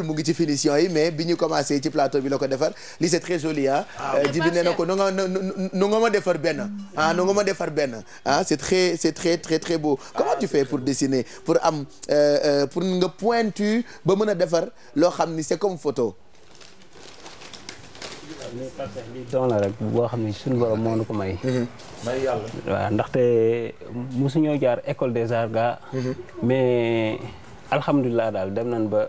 mu ngi ci finition yi mais bi ñu commencé ci plateau bi la ko defar li c'est très joli ah euh, na ko nu nga ma defar benn ah nu nga ma defar benn ah c'est très c'est très très très beau ah, comment tu fais pour dessiner pour am euh, euh, pour nga pointu ba mën a defar loo xam ni c'est comme photo li parce que li doon la rek boo xam ne suñu borom moo nu ko may. Mm-hmm. may yàlla waaw ndaxte jaar école des arts ga mm-hmm. mais alhamdulilah daal dem nañ ba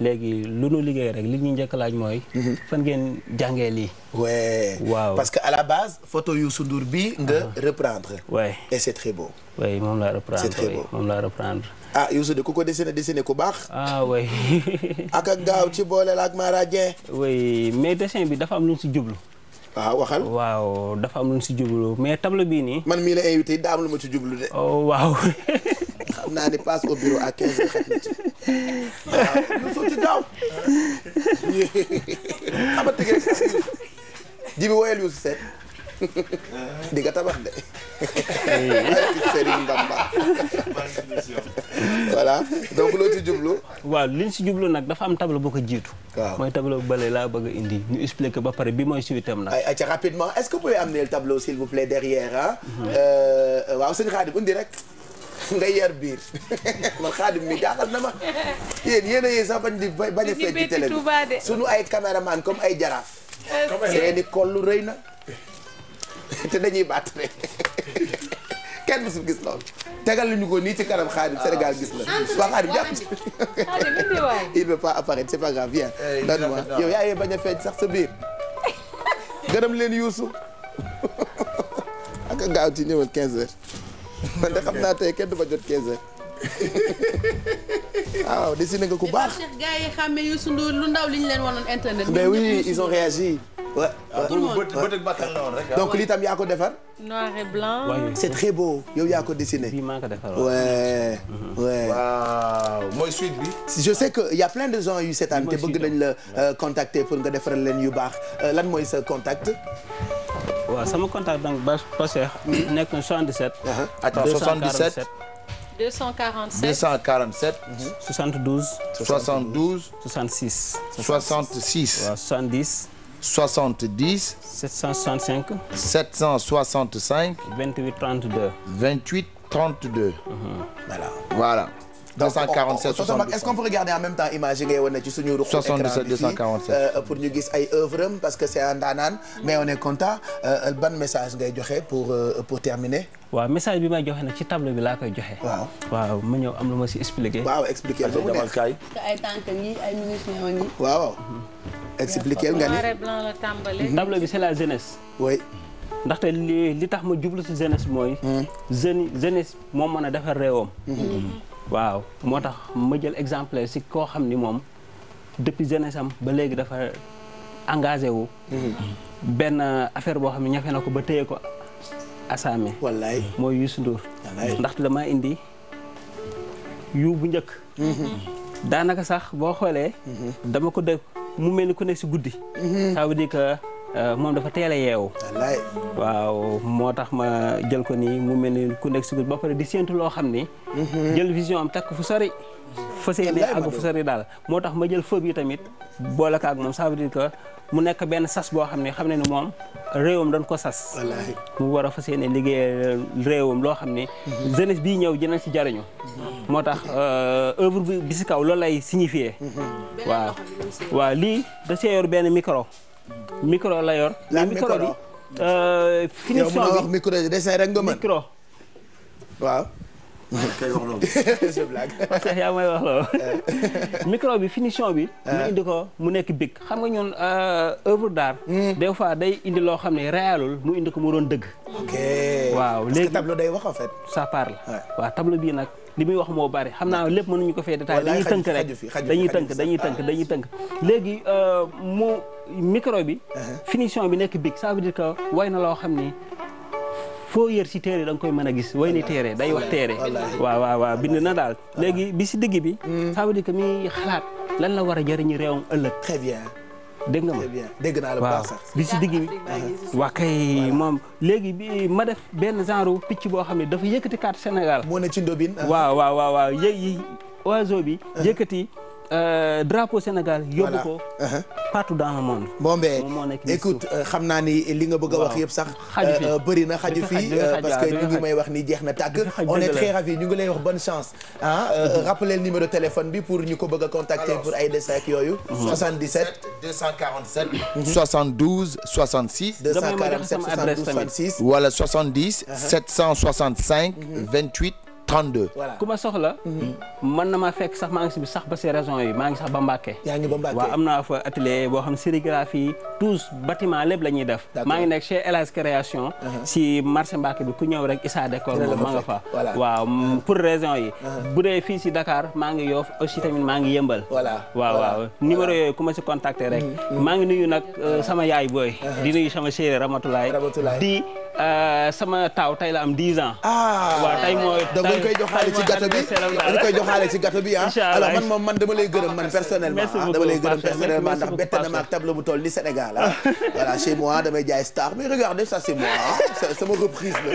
léegi lu nu liggéey rek li ñuy njëkk laaj mooy. Mhm. fan ngeen jàngee lii. waaw parce que à la base photo Youssou Ndour bi nga ah. reprendre. waaye et c' est très beau. waay moom laa reprendre moom laa reprendre. ah Youssou de ku ko dessiné dessiné ku baax. ah waay. ak ak gaaw ci boole la ak Mara Dieng. waay mais dessin bi dafa am lu ñu si jublu. waaw ah, waxal waaw dafa am lu ñu si jublu mais table bii nii. man mii la invité daa am lu ma ci jublu de. oh waaw. xam naa ne passe au bureau à 15 lu suuti daaw xama tëgg jibi woyal yu seet di nga tabax de Serigne Bamba voilà donc loo ci jublu waaw liñ si jublu nag dafa am tableau boo ko jiitu waaw mooy tableau bële laa bëgg indi ñu expliquer ba pare bi mooy suitam nag ay rapidement est-ce que vous pouvez amener le tableau s'il vous plaît derrière ah waaw sëñ Khadim undi rek nga yar biir man xaadim a yéen sax bañ di bañ ay caméraman seeni kollu rëy na te dañuy baat rek kenn musul gis loolu tegal nañu ko nii ci kanam xaadim Sénégal gis la waa xaadim eh, yaa bañ a feeñ sax sa biir gërëm leen Youssou ak gaaw ci ñëwal 15 heures man de xam naa tey kenn du ma jot 15 heures. waaw dessiné nga ku baax. gars yi xàmme Youssou Ndour lu ndaw li ñu leen wanoon internet. mais oui ils ont réagi. wa ah, ah. donc lii tam yaa ko defar. noir et blanc. c'est très beau yow yaa ko dessiné. bii maa ko defar mhm. waaw mooy suite bi. je sais que y a plein de gens yu seetaan te bëgg nañ la euh, contacter pour nga defaral leen yu baax euh, lan mooy sa contact. waaw sama contact donc ba Cheikh nekk na 77. attan 77 247 247. 72. 72 76. 66 waaw 70. 70. 765. 765. 28 32. 28 32. 247 77 est-ce qu'on peut regarder en euh, pour ñu gis ay œuvre am parce que c'est un ndaanaan mais on est content euh, ban message ngay joxe pour euh, pour terminer waaw message bi may joxe nag ci tableau bi laa koy joxe waaw waaw ma ñëw am lu ma si expliquer waaw expliquer ba waaw expliquer nga ni mhm. tableau bi c'est la jeunesse oui ndaxte li li tax ma jublu si jeunesse mooy mhm. jeune jeunesse moom mën a defar réewam mhm. waaw moo tax ma jël exemple si koo xam ni moom depuis jeunesse am ba léegi dafa engagé wu. Mhm. benn affaire boo xam ne ñafe na ko ba téye ko assaame. wallaay mooy Youssou Ndour. ndaxte dama indi yu bu njëkk. Mhm. daanaka sax boo xoolee. Mhm. dama ko def mu mel ni ku nekk si guddi. ça veut dire Euh, moom dafa teel a yeewu. waaw moo tax ma jël ko nii mu mel ni ku nekk si ba pare di séntu loo xam ni. Mhm. jël vision am takk fu sori. fas yéene àgg fu sori daal moo tax ma jël foob yi tamit boole ko ak moom ça veut que mu nekk benn sas boo xam ne xam ne ni moom réewam dañ ko sas mu war a fas yéene liggéey réewam loo xam ne mhm. jeunesse bii ñëw dinañ si jariñu mhm. moo tax euh, œuvre bi si kaw loolu lay signifié waaw lii da see benn micro micro la yor. la micro bi finition bi wax micro rek nga mën waaw. kay wax loolu. c'est blague. parce bi finition bi. mu indi ko mu nekk big xam nga ñun euh, œuvre d'art. Hmm. des fois day indi loo xam ne réalul mu indi ko mu doon dëgg. ok waaw léegi tableau day wax a fait. ça parle waaw tableau bii nag. li muy wax moo bari xam naa lépp mënuñu ko fee détaillé dañuy tënk rek dañuy tënk ah, dañuy tënk dañuy tënk léegi euh, mu micro bi. Uh-huh. finition bi nekk big ça veut dire que way na loo xam ni foo yër si téere da nga koy mën a gis way ni day wax téere. waaw waaw waaw bind na daal. léegi bi si digg bi. Hmm. ça di dire mi xalaat lan la war a jëriñu réewam ëllëg. très bien. dégg nga ma dégg naa la baax sax bi si digg bi waa kay moom léegi bi ma def benn genre picc boo xam ne dafa yëkkati carte Sénégal. moo ne ci ndobin. waaw waaw waaw waaw yi bi uh-huh. yëkkati. Euh, drapeau Sénégal yóbbu ko. Uh-huh. partout dans le monde. moom moo nekk nii écoute euh, xam naa ni li nga bëgg a wax yëpp sax. Euh, bëri na xaju fii parce que ñu ngi wax ni jeex na tàkk. on est très ravi ñu ngi lay wax bonne chance. ah mm-hmm. rappelez numéro téléphone bi pour ñu ko bëgg a contacter pour ay dessin ak yooyu. 77 247. 72 66. 247 72 66. wala 70. 765 28. 32. voilà ku ma soxla. man mhm. na maa fekk sax maa ngi sax ba si région yi maa ngi sax ba Mbàkke. yaa ngi ba Mbàkke waaw am naa fa atelier boo xam sérigraphie tous bâtiment lépp la ñuy def. maa ngi nekk chez Elage Création. Uh-huh. si marché Mbàkke bi ku ñëw rek Issa Décor moom ma nga fa. waaw uh-huh. pour région yi. Uh-huh. bu dee fii si dakaar maa ngi Yoff aussi tamit maa ngi yëmbal. voilà waaw waaw numéro yooyu ku si contacter rek. Mm-hmm. maa ngi nuyu nag euh, sama yaay booy. di nuyu sama chérie Ramatoulaye di. Euh, sama taaw tey la am 10 ans. ah waaw tey mooy. tey koy joxaale ci gâteau bi dañu koy joxaale ci gâteau bi ah. man moom man dama lay gërëm man personnellement. Ah? dama lay gërëm personnellement ndax bett na ma ak tableau bu toll ni Sénégal ah. voilà chez moi damay jaay star mais regardez ça c'est moi ah? sama reprise la.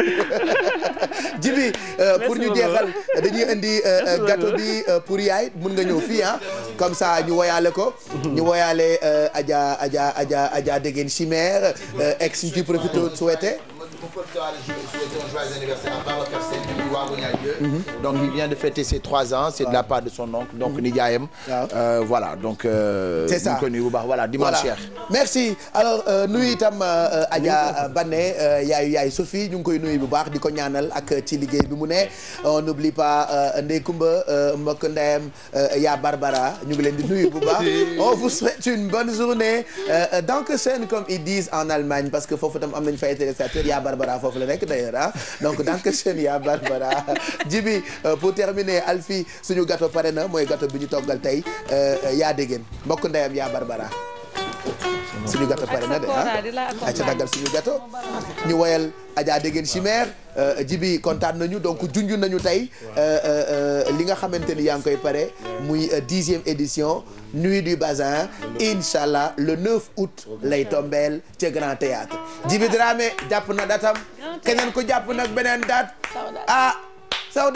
Djibi euh, pour ñu jeexal dañu indi euh, gâteau bi pour yaay mun nga ñëw fii ah? comme ça ñu woyaale ko. ñu woyaale Adja Adja Adja Adja Degen Chimère ex ñu ciy profité souhaité. victoire et souhaiter un joyeux anniversaire à Babacar Sène donc il vient de fêter ses trois ans. c'est de la part de son oncle donc mhm. nijaayam. waaw euh, voilà donc. Euh, c'est ça bu bu baax voilà dimanche cher. merci alors euh, nuyu itam Adja Bané yaayu yaay Sophie ñu ngi koy nuyu bu baax di ko ñaanal ak ci liggéey bi mu ne on n'oublie pas Ndeye Kumba mbokk ndeyam yaa Barbara ñu ngi leen di nuyu bu baax. on vous souhaite une bonne journée dans que scène comme ils disent en Allemagne parce que foofu tam am nañu fay Barbara foofu la nekk dans que scène yaa Barbara. voilà Jibi euh, pour terminer Alfi suñu gâteau pare na mooy gâteau bi ñu toggal tey euh, euh, yaa déggéen mbokk ndeyam yaa Barbara suñu gâteau pare na de ah ay daggal suñu gâteau ñu woyal Adja Degen Chimère euh, jibi kontaan nañu donc junj nañu tey euh, euh, li nga xamante ni yaa ngi koy pare muy dixième édition nuit du bazin incha allah le 9 août lay tombeel ca grand théâtre jibi Dramé jàpp na datam keneen ko jàpp nag beneen date ah saw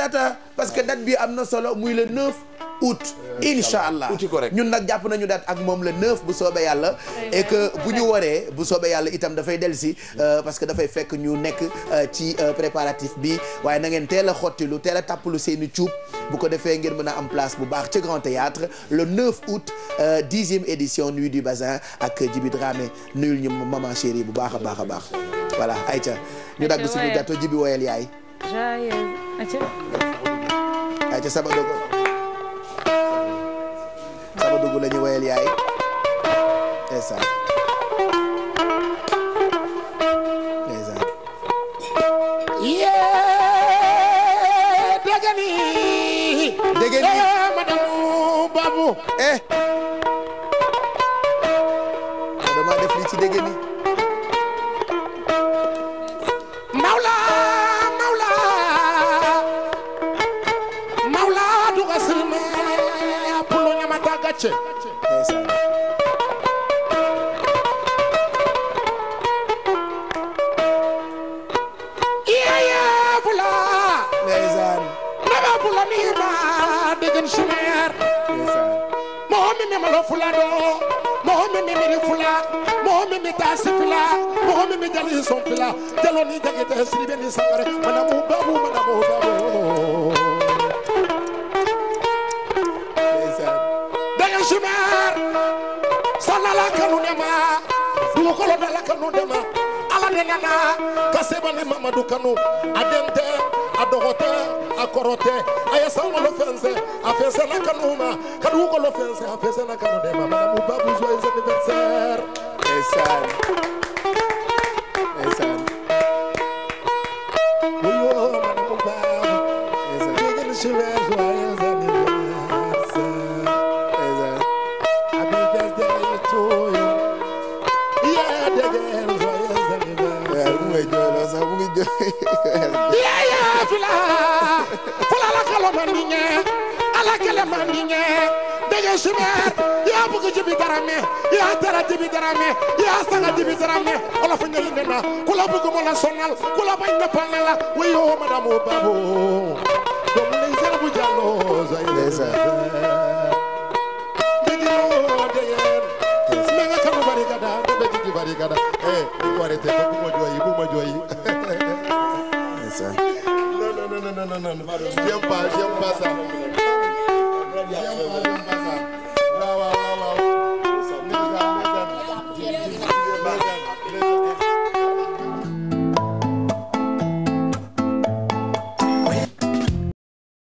parce que date bi am na solo muy le 9 août incha allah ñun nag jàpp nañu daat ak moom le neuf bu soobee yàlla et que bu ñu waree bu soobee yàlla itam dafay delsi euh, parce que dafay fekk ñu nekk euh, ci euh, préparatif bi waaye na ngeen teel a xottilu teel a tàppalu seen i cuub bu ko defee ngeen mën a am place bu baax ci Grand Théâtre le 9 août dixième édition Nuit du Bazin ak Djibi Dramé nuyul ñu maman chérie bu baax a baax a baax voilà ca ñu dagg suñu gâteau Djibi woyal yaay Aïcha Aïcha sama dogo ko dugg la ñu wayal yaay ndeysaan ndeysaan yee dagani dagani madamu babu eh dama def li ci dagani gàcce mimalo fula do mɔgɔ min bɛ miiri fula mɔgɔ min bɛ taa si fila mɔgɔ min bɛ jali sɔn fila jalo ni jagitɛ siri bɛ ni sangare manamu babu manamu babu. shimar salala kanu nema dugukolo dala kanu nema ala de nana ka sebani mamadu kanu a den a dɔgɔ a kɔrɔ tɛ a ye sankolo fɛnsɛ a fɛnsɛna kanu ma ka dugukolo fɛnsɛ a fɛnsɛna kanu nema madamu babu joyeux anniversaire la mandiñe alake la mandiñe dege sumeer yaa bëgg jibi darame yaa tera jibi darame yaa sanga jibi darame olof ñeli ne na ku la bëgg mu sonal ku la bañ na pal na la way yoo madame babo doomu lay sere bu jàlloo zay lay sere Barigada, da da di barigada. Eh, ni ko arete, ma joyi, bu ma joyi. non non non non j'aime pas j'aime pas ça j'aime pas